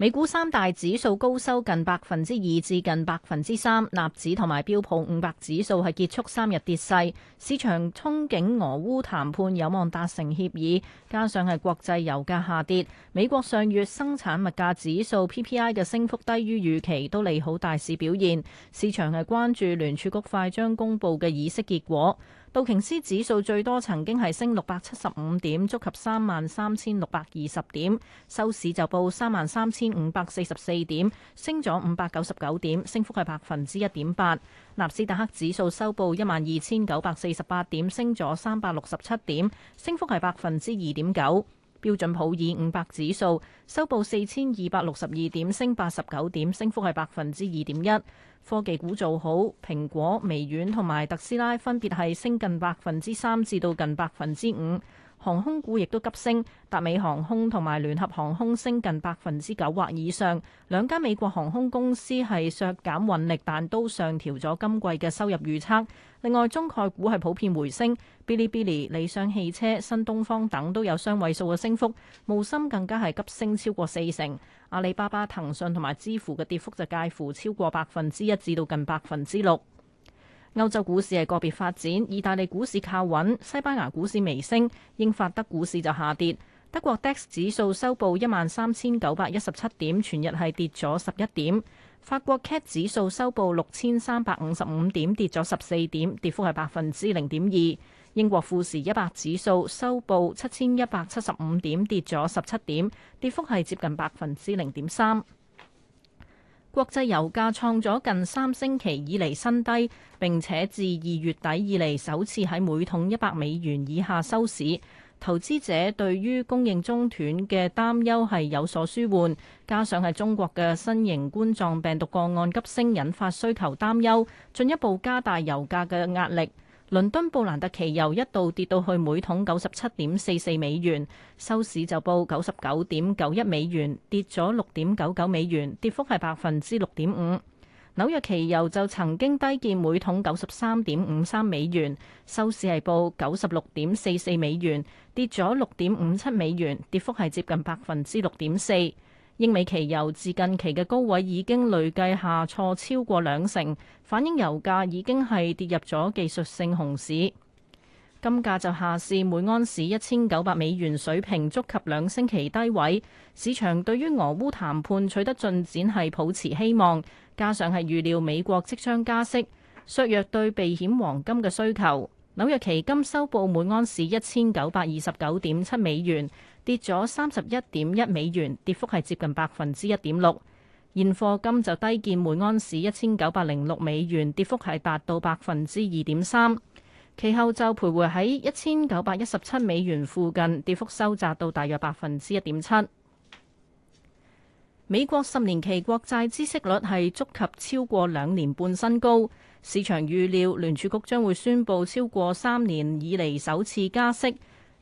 美股三大指數高收近百分之二至近百分之三，納指同埋標普五百指數係結束三日跌勢。市場憧憬俄烏談判有望達成協議，加上係國際油價下跌，美國上月生產物價指數 PPI 嘅升幅低於預期，都利好大市表現。市場係關注聯儲局快將公佈嘅議息結果。道瓊斯指數最多曾經係升六百七十五點，觸及三萬三千六百二十點，收市就報三萬三千五百四十四點，升咗五百九十九點，升幅係百分之一點八。納斯達克指數收報一萬二千九百四十八點，升咗三百六十七點，升幅係百分之二點九。標準普爾五百指數收報四千二百六十二點，升八十九點，升幅係百分之二點一。科技股做好，蘋果、微軟同埋特斯拉分別係升近百分之三至到近百分之五。航空股亦都急升，達美航空同埋聯合航空升近百分之九或以上，兩間美國航空公司係削減運力，但都上調咗今季嘅收入預測，另外，中概股係普遍回升，嗶哩嗶哩、理想汽車、新東方等都有雙位數嘅升幅，無深更加係急升超過四成。阿里巴巴、騰訊同埋支付嘅跌幅就介乎超過百分之一至到近百分之六。歐洲股市係個別發展，意大利股市靠穩，西班牙股市微升，英法德股市就下跌。德國 DAX 指數收報一萬三千九百一十七點，全日係跌咗十一點。法國 CAC 指數收報六千三百五十五點，跌咗十四點，跌幅係百分之零點二。英國富時一百指數收報七千一百七十五點，跌咗十七點，跌幅係接近百分之零點三。國際油價創咗近三星期以嚟新低，並且自二月底以嚟首次喺每桶一百美元以下收市。投資者對於供應中斷嘅擔憂係有所舒緩，加上係中國嘅新型冠狀病毒個案急升引發需求擔憂，進一步加大油價嘅壓力。倫敦布蘭特期油一度跌到去每桶九十七點四四美元，收市就報九十九點九一美元，跌咗六點九九美元，跌幅係百分之六點五。紐約期油就曾經低見每桶九十三點五三美元，收市係報九十六點四四美元，跌咗六點五七美元，跌幅係接近百分之六點四。英美期油自近期嘅高位已經累計下挫超過兩成，反映油價已經係跌入咗技術性熊市。金價就下試每盎司一千九百美元水平，觸及兩星期低位。市場對於俄烏談判取得進展係抱持希望，加上係預料美國即將加息，削弱對避險黃金嘅需求。紐約期金收報每盎司一千九百二十九點七美元。跌咗三十一點一美元，跌幅係接近百分之一點六。現貨金就低見每安士一千九百零六美元，跌幅係達到百分之二點三。其後就徘徊喺一千九百一十七美元附近，跌幅收窄到大約百分之一點七。美國十年期國債孳息率係觸及超過兩年半新高，市場預料聯儲局將會宣布超過三年以嚟首次加息。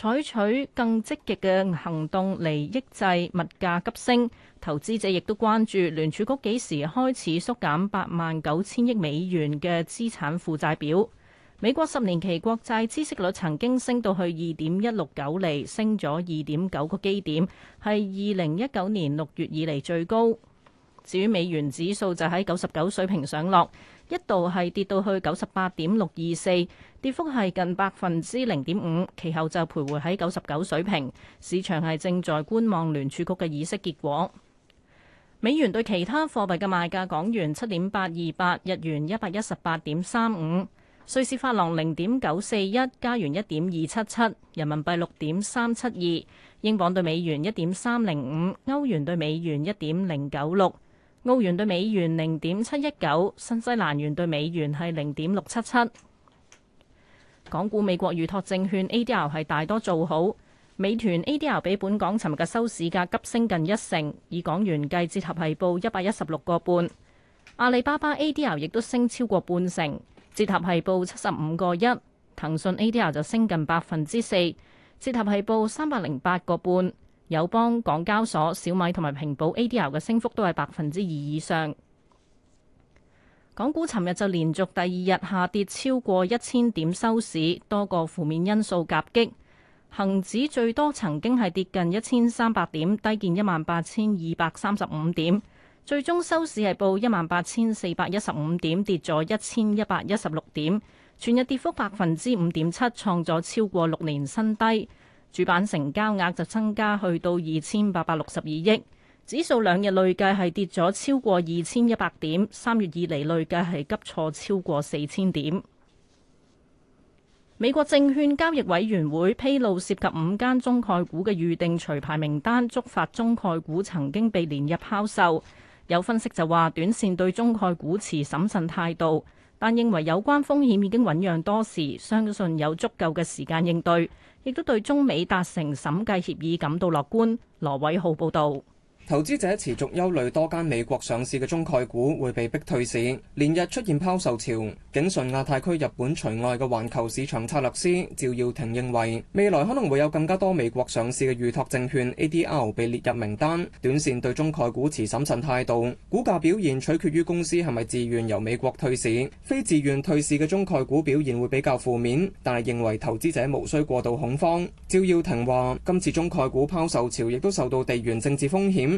採取更積極嘅行動嚟抑制物價急升，投資者亦都關注聯儲局幾時開始縮減八萬九千億美元嘅資產負債表。美國十年期國債孳息率曾經升到去二點一六九厘，升咗二點九個基點，係二零一九年六月以來最高。至於美元指數就喺九十九水平上落。一度係跌到去九十八點六二四，跌幅係近百分之零點五。其後就徘徊喺九十九水平，市場係正在觀望聯儲局嘅議息結果。美元對其他貨幣嘅賣價：港元七點八二八，日元一百一十八點三五，瑞士法郎零點九四一，加元一點二七七，人民幣六點三七二，英鎊對美元一點三零五，歐元對美元一點零九六。澳元對美元零點七一九，新西蘭元對美元係零點六七七。港股美國預託證券 ADR 係大多做好，美團 ADR 比本港尋日嘅收市價急升近一成，以港元計，折合係報一百一十六個半。阿里巴巴 ADR 亦都升超過半成，折合係報七十五個一。騰訊 ADR 就升近百分之四，折合係報三百零八個半。友邦、港交所、小米同埋平保 ADR 嘅升幅都係百分之二以上。港股尋日就連續第二日下跌超過一千點收市，多個負面因素夾擊，恒指最多曾經係跌近一千三百點，低見一萬八千二百三十五點，最終收市係報一萬八千四百一十五點，跌咗一千一百一十六點，全日跌幅百分之五點七，創咗超過六年新低。主板成交額就增加去到二千八百六十二億，指數兩日累計係跌咗超過二千一百點，三月以嚟累計係急挫超過四千點。美國證券交易委員會披露涉及五間中概股嘅預定除牌名單，觸發中概股曾經被連日拋售。有分析就話，短線對中概股持審慎態度。但認為有關風險已經醞釀多時，相信有足夠嘅時間應對，亦都對中美達成審計協議感到樂觀。羅偉浩報導。投資者持續憂慮多間美國上市嘅中概股會被逼退市，連日出現拋售潮。景順亞太區日本除外嘅環球市場策略師趙耀廷認為，未來可能會有更加多美國上市嘅預託證券 ADR 被列入名單，短線對中概股持審慎態度。股價表現取決於公司係咪自願由美國退市，非自願退市嘅中概股表現會比較負面，但係認為投資者無需過度恐慌。趙耀廷話：今次中概股拋售潮亦都受到地緣政治風險。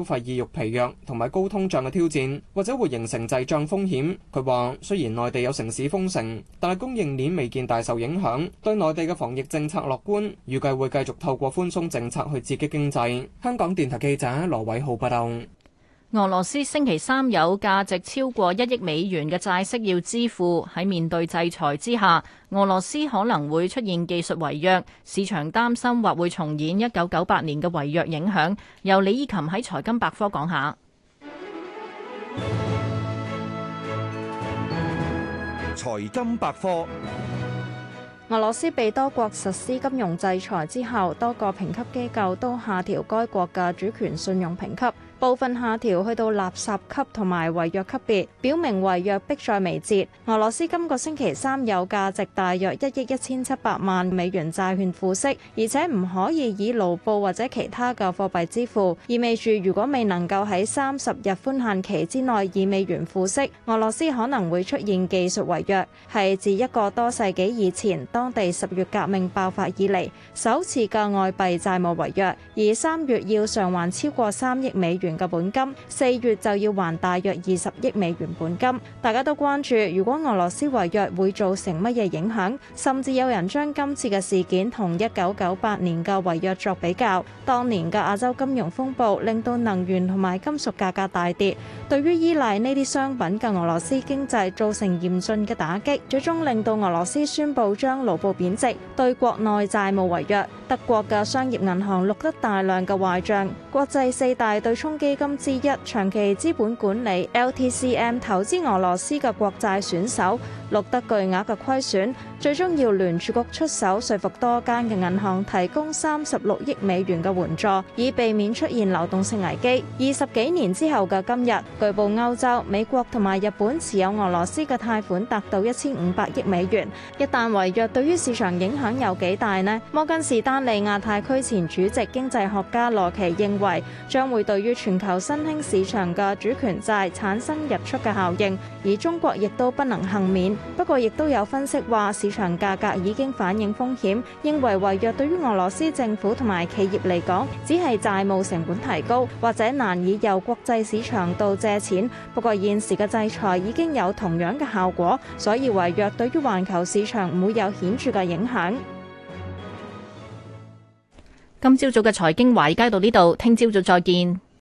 消費意欲疲弱，同埋高通脹嘅挑戰，或者會形成滯脹風險。佢話雖然內地有城市封城，但係供應鏈未見大受影響，對內地嘅防疫政策樂觀，預計會繼續透過寬鬆政策去刺激經濟。香港電台記者羅偉浩報道。俄羅斯星期三有價值超過一億美元嘅債息要支付，喺面對制裁之下，俄羅斯可能會出現技術違約，市場擔心或會重演一九九八年嘅違約影響。由李依琴喺財金百科講下。財金百科，百科俄羅斯被多國實施金融制裁之後，多個評級機構都下調該國嘅主權信用評級。部分下調去到垃圾級同埋違約級別，表明違約迫在眉睫。俄羅斯今個星期三有價值大約一億一千七百萬美元債券付息，而且唔可以以盧布或者其他嘅貨幣支付，意味住如果未能夠喺三十日寬限期之內以美元付息，俄羅斯可能會出現技術違約，係自一個多世紀以前當地十月革命爆發以嚟首次嘅外幣債務違約，而三月要償還超過三億美元嘅本金，四月就要還大約二十億美元本金，大家都關注如果俄羅斯違約會造成乜嘢影響，甚至有人將今次嘅事件同一九九八年嘅違約作比較。當年嘅亞洲金融風暴令到能源同埋金屬價格大跌，對於依賴呢啲商品嘅俄羅斯經濟造成嚴峻嘅打擊，最終令到俄羅斯宣布將盧布貶值，對國內債務違約。德國嘅商業銀行錄得大量嘅壞賬，國際四大對沖。基金之一長期資本管理 （LTCM） 投資俄羅斯嘅國債選手，錄得巨額嘅虧損，最終要聯儲局出手說服多間嘅銀行提供三十六億美元嘅援助，以避免出現流動性危機。二十幾年之後嘅今日，據報歐洲、美國同埋日本持有俄羅斯嘅貸款達到一千五百億美元。一旦違約，對於市場影響有幾大呢？摩根士丹利亞太區前主席經濟學家羅奇認為，將會對於全全球新興市場嘅主權債產生溢出嘅效應，而中國亦都不能幸免。不過，亦都有分析話，市場價格已經反映風險，認為違約對於俄羅斯政府同埋企業嚟講，只係債務成本提高或者難以由國際市場度借錢。不過，現時嘅制裁已經有同樣嘅效果，所以違約對於環球市場唔會有顯著嘅影響。今朝早嘅財經華爾街到呢度，聽朝早再見。